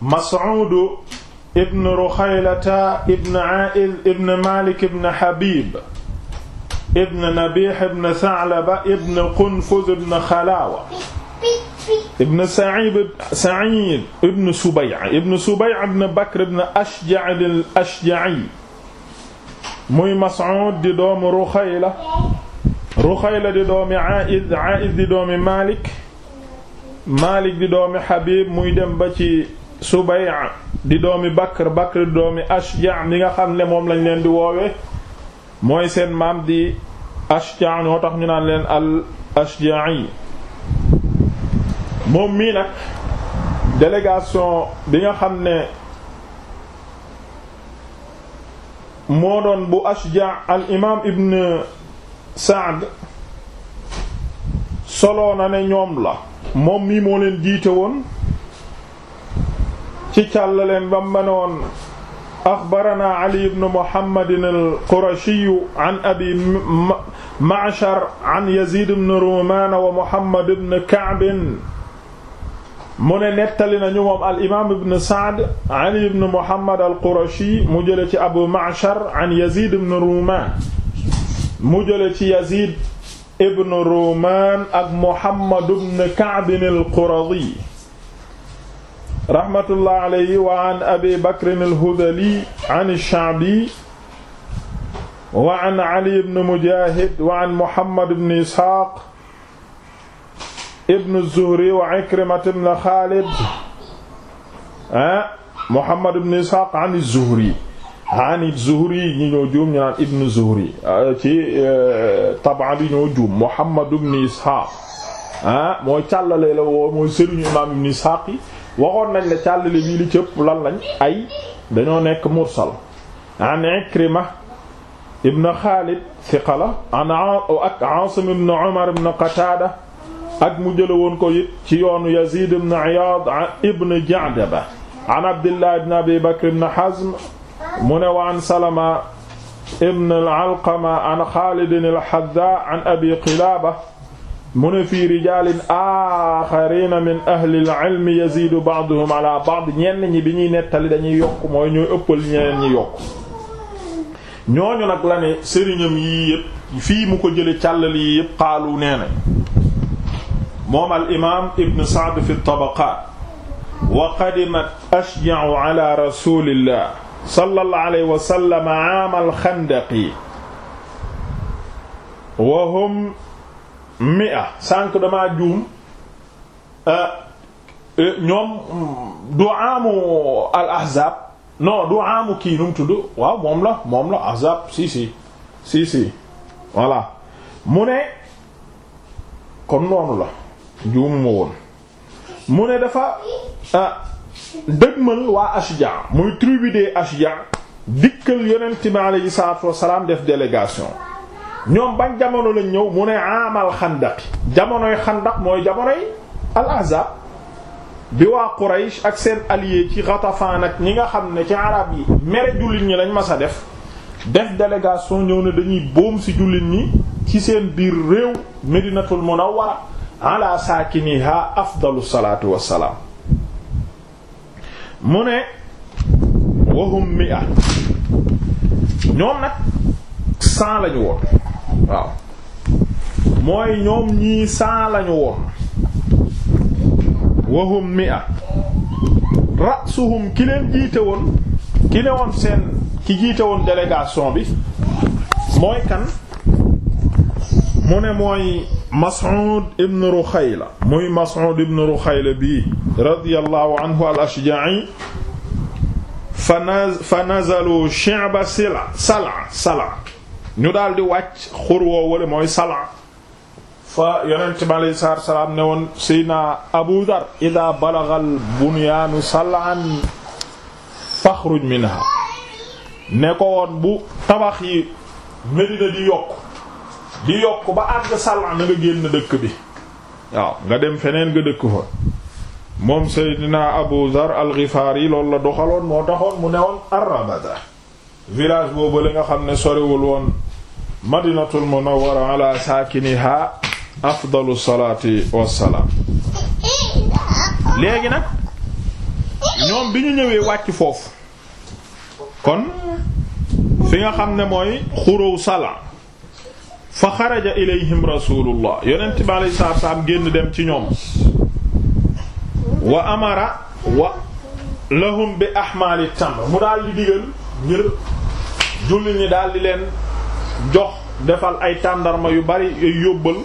Mas'uud ibn Rukhaylata ibn A'id ibn Malik ibn Habib ibn Nabih ibn Tha'laba ibn Qunfuz ibn Khalawa ibn Sa'id Sa'id ibn Subay' ibn Subay' ibn Bakr ibn Ashja' al-Ashja'i muy Mas'uud di doomu Rukhayla Rukhayla di doomi A'id A'id di doomi Malik Malik di doomi Habib muy dem ba ci subay di doomi bakr bakr di doomi ashja mi nga xam ne moom lañ leen di woowe mooy seen maam di ashja ñoo tax ñu naan leen al ashja'i moom mii nag délégation bi nga xam ne moo doon bu ashja al imaam ibn saad solo na ne ñoom la moom mii moo leen jiite woon ci càllaleen bam manoon axbarana ali ibn muhammadin al-qurashiyu an abi ma'shar an yazid ibn rumaana wa muhammad ibn ka'bin mu ne nettali nañu moom al imaam ibn sa'd ali ibn muhammad al-qurashi mu jële ci abu ma'shar an yazid ibn rumaan mu jële ci yazid ibn rumaan ak muhammad ibn ka'bin al-quradi rahmatullah alayhi wa an abi bakrin al-hudali an ash-sha'bi wa an ali ibn mujahid wa an muhammad ibn ishaq ibn az-zuhri wa ikrimat ibn khalid ah muhammad ibn ishaq an az-zuhri an az-zuhri ñi ñoo juum ñu naan ibn zuhri ah, ci eh, tab'a bi ñoo juum muhammad ibn ishaq ah mooy càllale la woo mooy sëriñu imam ibn ishaq yi waxoon nañ la càllale bii li cëpp lan lañ ay dañoo nekk mursal an Ikrima ibn Xaalid siqala an ak Aasim ibn Umar ibn Qataada ak mu jële woon ko it ci yoonu Yaziid ibn Iyaad an Abdillah ibn Abi Bakr ibn Hazm mu ne wa an Salama ibn al-Alqama an Xaalid al-Haddaa an Abi Qilaaba mu ne fii rijalin min ahli al-ilmi yazidu ba'duhum ala ba'd ñenn ñi bi ñuy nettali dañu yokk mooy ñooy ëppal ñeneen ñi yokk ñooñu nag la ne sëriñam fii mu ko jële càllal yii yëpp xaalu nee na moom al imam ibn Sa'd fi tabaqat wa qadimat ashja'u ala rasulillah sallallahu alayhi wa sallam aam al-Khandaq wa hum mia sànq damaa juum euh, euh, ñoom du amu al ahzab non du amu kii nu mu tudd waaw moom la moom la ahzab si si si si voilà mu ne kon noonu la juum ma woon mu ne dafa euh, dëgmal waa ashja muy tribu des ashja dikkal yonent bi alayhi salaatu wassalaam def délégation ñoom bañ jamono lañ ñëw mu ne amal xandaqi jamonoy xandaq mooy jamonoy al-Ahzab bi waa Quraysh ak seen allié ci Ghatafan ak ñi nga xam ne ci arab yi mere jullit ñi lañ mas a def def délégation ñëw ne dañuy boom ci jullit ñi ci seen biir réew Medinatul Munawwara ala saakiniha afdalu salaatu wassalaam mu ne wahum mi'a ñoom nag cent lañu woon waaw mooy ñoom ñii cent lañu woon wahum mi'a ra'suhum ki leen jiite woon ki ne seen ki jiite woon délégation bi mooy kan mu ne mooy Mas'ud ibn Rukhayla muy Mas'ud ibn Rukhayla bii radiyallahu anhu al-Ashja'i fa nazalu shi'ba sala sala sala ñu daal wàcc xur woo wala mooy salan fa yonent bi alayhi salaam ne woon Seydina Abu Dar ida balagal bunyaanu salan faxruj minha ne ko woon bu tabax yi Medina di yokk di yokk ba àgg salan na nga génn dëkk bi waaw nga dem feneen nga dëkk fa moom Seydina Abu Dar al-Ghifari la doxaloon moo taxoon mu ne woon Arrabada village boobu la nga xam ne soriwul woon madinatul munawwara ala saakiniha afdalu salaati wassalaam léegi na ñoom bi ñu ñëwee wàcc foofu kon fi nga xam ne mooy xurów sala fa xaraja ilayhim rasulullah yonent bi alayhi salaam génn dem ci ñoom wa amara wa lahum bi ahmaali tamr mu daal digal ngir julli ñi daal leen jox defal ay tàndarma yu bari yu yóbbal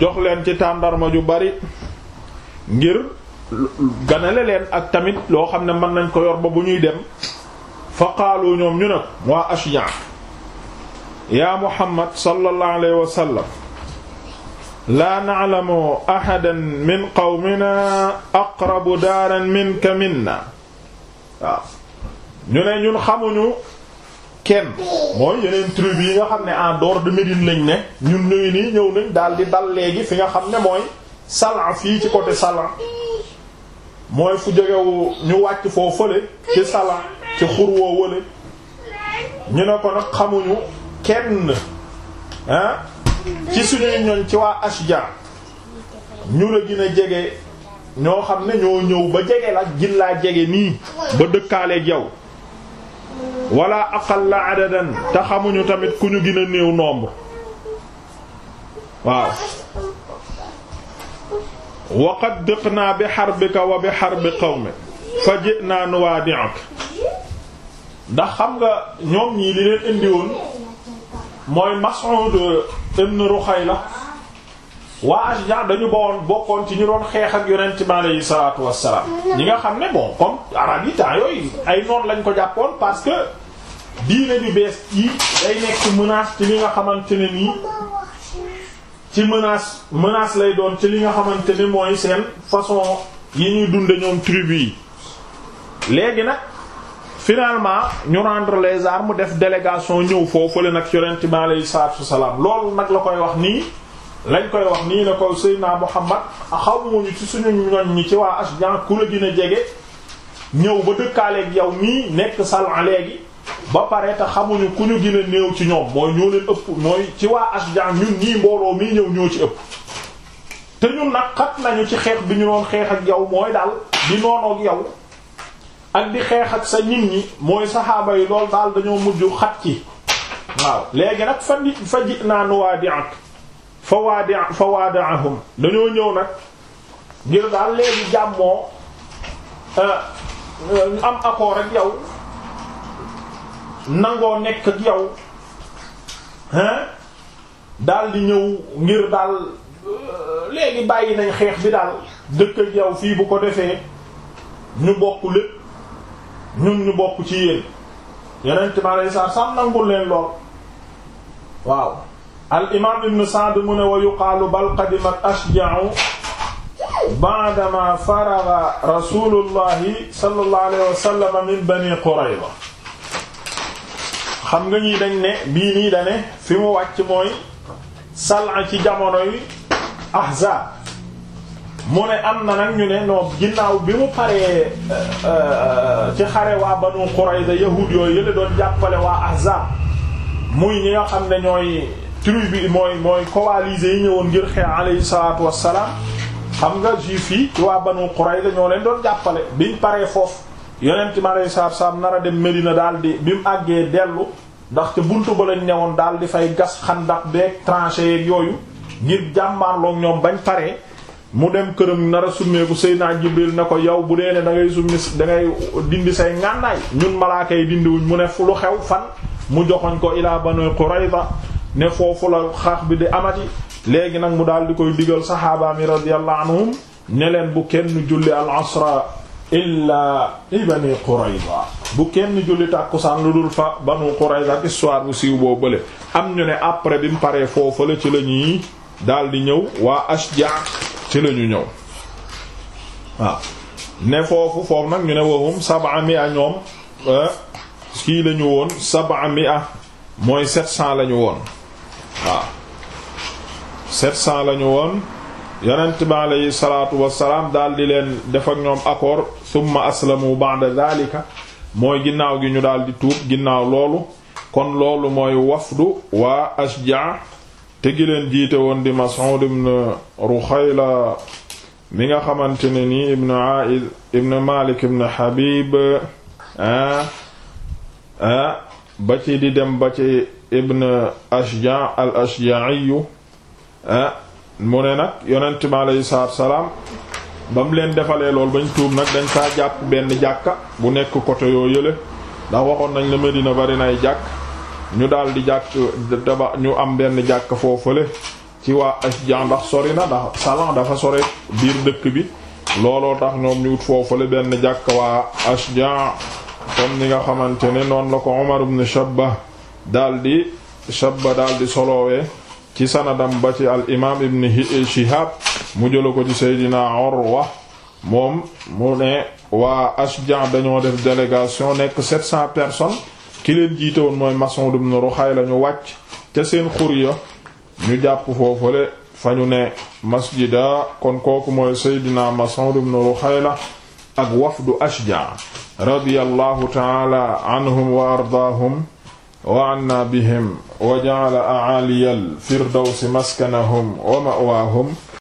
jox leen ci tàndarma ju bari ngir ganale leen ak tamit loo xam ne mën nañ ko yor bu ñuy dem fa qaalu ñoom ñu ne ko waa Ashja yaa Muhammad sallallahu alayhi wa sallam laa na'lamu ahadan min qawmina aqrabu daaran minka minna waaw ñun xamuñu kenn mooy yeneen tribu yi nga xam ne en dehors de Médine ne ñun ñuy nii ñëw nañ daal di dal léegi fi nga xam ne mooy Salan fii ci côté Salan mooy fu jegewu ñu wàcc foo fële ci Salan ci xur woo wële ñu ne ko nag xamuñu kenn ah ci suñuy ñoñ ci waa Ashja ñu la gën a jege ñoo xam ne ñoo ñëw ba jege la gin laa jege nii ba dëkkaale yow wala aqalla adadan te xamuñu tamit ku ñu gën néew nombre waaw wa qad diqnaa bi harbika wa bi harbi qawmik fa ji'naa nuwaadi'uk ndax xam nga ñoom ñii li leen indiwoon mooy Mas'ud ibn Rukhayla waa Ashja dañu bowoon bokkoon ci ñu doon xeex ak yonent bi aleyhi salaatu wassalaam ñi nga xam ne bon comme arab yi temps yooyu ay noon lañ ko jàppoon parce que diine ju bees yi day nekk menace ci li nga xamante ni nii ci menace menace lay doon ci li nga xamante ni mooy seen façon yi ñuy dunde ñoom tribu yi léegi nag finalement ñu rendre les mu def délégation ñëw foofu la nag yonent bi aleyhi salaatu wassalaam loolu nag la koy wax nii lañ koy wax nii ne ko Seydina Muhammad xamuñu ci suñu ñoñ ñi ci waa Ashjan ku la gën a jege ñëw ba dëkkaaleeg yow nii nekk Sal'a léegi ba pare te xamuñu ku ñu gën a néew ci ñoom mooy ñoo leen ëpp mooy ci waa Ashjan ñun nii mbooloo mii ñëw ñoo ci ëpp. te ñun nag xat nañu ci xeex bi ñu doon xeex ak yow mooy daal di noonu ak yow ak di xeex ak sa nit ñi mooy saxaaba yi lool daal dañoo mujj xat ci waaw léegi nag fa nit fa ji naa nuwaay di àq. fa waadi fa dañoo ñëw nag ngir daal léegi jàmmoo euh, am accord ak yow nangoo nekk ak yow hein daal di ñëw ngir daal euh, léegi bàyyi nañ xeex bi daal dëkk ak yow fii bu ko defee ñu bokk lépp ñun ñu bokk ci yéen yeneen ci ma lay sax nangul leen lool waaw. al imaam ibn Sa'd mu ne wa yuqaalu bal qadimat ashja'u ba'dama faraga rasulullahi sallallahu alayhi wa sallam min bani Qurayza xam nga i dañ ne bii nii da ne fi mu wàcc mooy sal'a ci jamonoy ahzaab mu ne am na nag ñu ne non ginnaaw bi mu paree euh, euh, ci xare waa banu Qurayza yahuud yooyu yële doon jàppale waa ahzaab muy ñi nga xam ne ñooy. tribu bi mooy mooy coalisés yi ñëwoon ngir xeex alayhi salaatu wassalaam xam nga juif yi ci waa Banu Qurayza ñoo leen doon jàppale biñ paree foofu yonent mi alayhi salaatu wassalaam nar a dem Medina daal di bi àggee dellu ndax buntu ba lañ daal di fay gas xandax beeg yooyu ngir jàmmaarloog ñoom bañ paree mu dem këram nar a summeeku Seydina Jibril ne ko yow bu dee ne da ngay summi da ngay dindi say ngànnaay ñun malaaka yi dindiwuñ mu ne fu lu xew fan mu joxoñ ko ilaa Banu Qurayza ne foofu la xaax bi di amati léegi nag mu daal di koy digal saxaaba mi radiyallahu leen bu kenn julli al asra illaa ibani Qurayza bu kenn julli tàkkusaan lu dul fa banu Qurayza ak histoire bu siiw boo bële am ñu ne après bi mu paree foofu la ci la ñuy daal di ñëw waa Ashja ci la ñu ñëw waaw ne foofu foofu nag ñu ne wahum sab'a mi'a ñoom eh, kii lañu ñu woon sab'a mi'a mooy sept cents la woon waaw lañu cent la ñu woon yonent bi aleyhi salaatu wasalaam daal di leen def ak ñoom accord summa aslamu ba'da zalika mooy ginnaaw gi ñu daal di tuub ginnaaw loolu kon loolu mooy wafdu waa ashja te gi leen jiite woon di Mas'ud ibn mi nga xamante ne nii ibn A'id ibn Malik ibn ah, ah, ci di dem ba ci ibn ashja al ashjaiyu ah mu ne nag yonent mi aleyhi salaatu salaam ba leen defalee lool bañ tuub nag dañ saa jàpp benn jàkka bu nekk côté yoo yële ndax waxoon nañ la Medina bari nay jàkk ñu daal di jàkk daba ñu am benn jàkk foofale ci waa ashja ndax sori na ndax dafa sore biir dëkk bi looloo tax ñoom ñu wut foofale benn jàkk waa ashja comme ni nga xamante ne noonu la ko Umar ibn Shabba daldi shabba daldi solowee ci sanadam ba ci al imaam ibn Shihab mu jëla ko ci Seydina Urwa moom mu ne waa Ashja dañoo def délégation nekk 700 personnes ki leen jiite woon mooy Mas'ud ibn Ruxay ñu wàcc ca seen xur ñu jàpp foofule fa ñu ne masjida kon kooku mooy Seydina Mas'ud ibn Ruxayla ak wafdu Ashja radiyallahu taala anhum wa ardaahum wa anna bihim wa ja'ala a'aliyal firdawsi maskanahum wa ma'waahum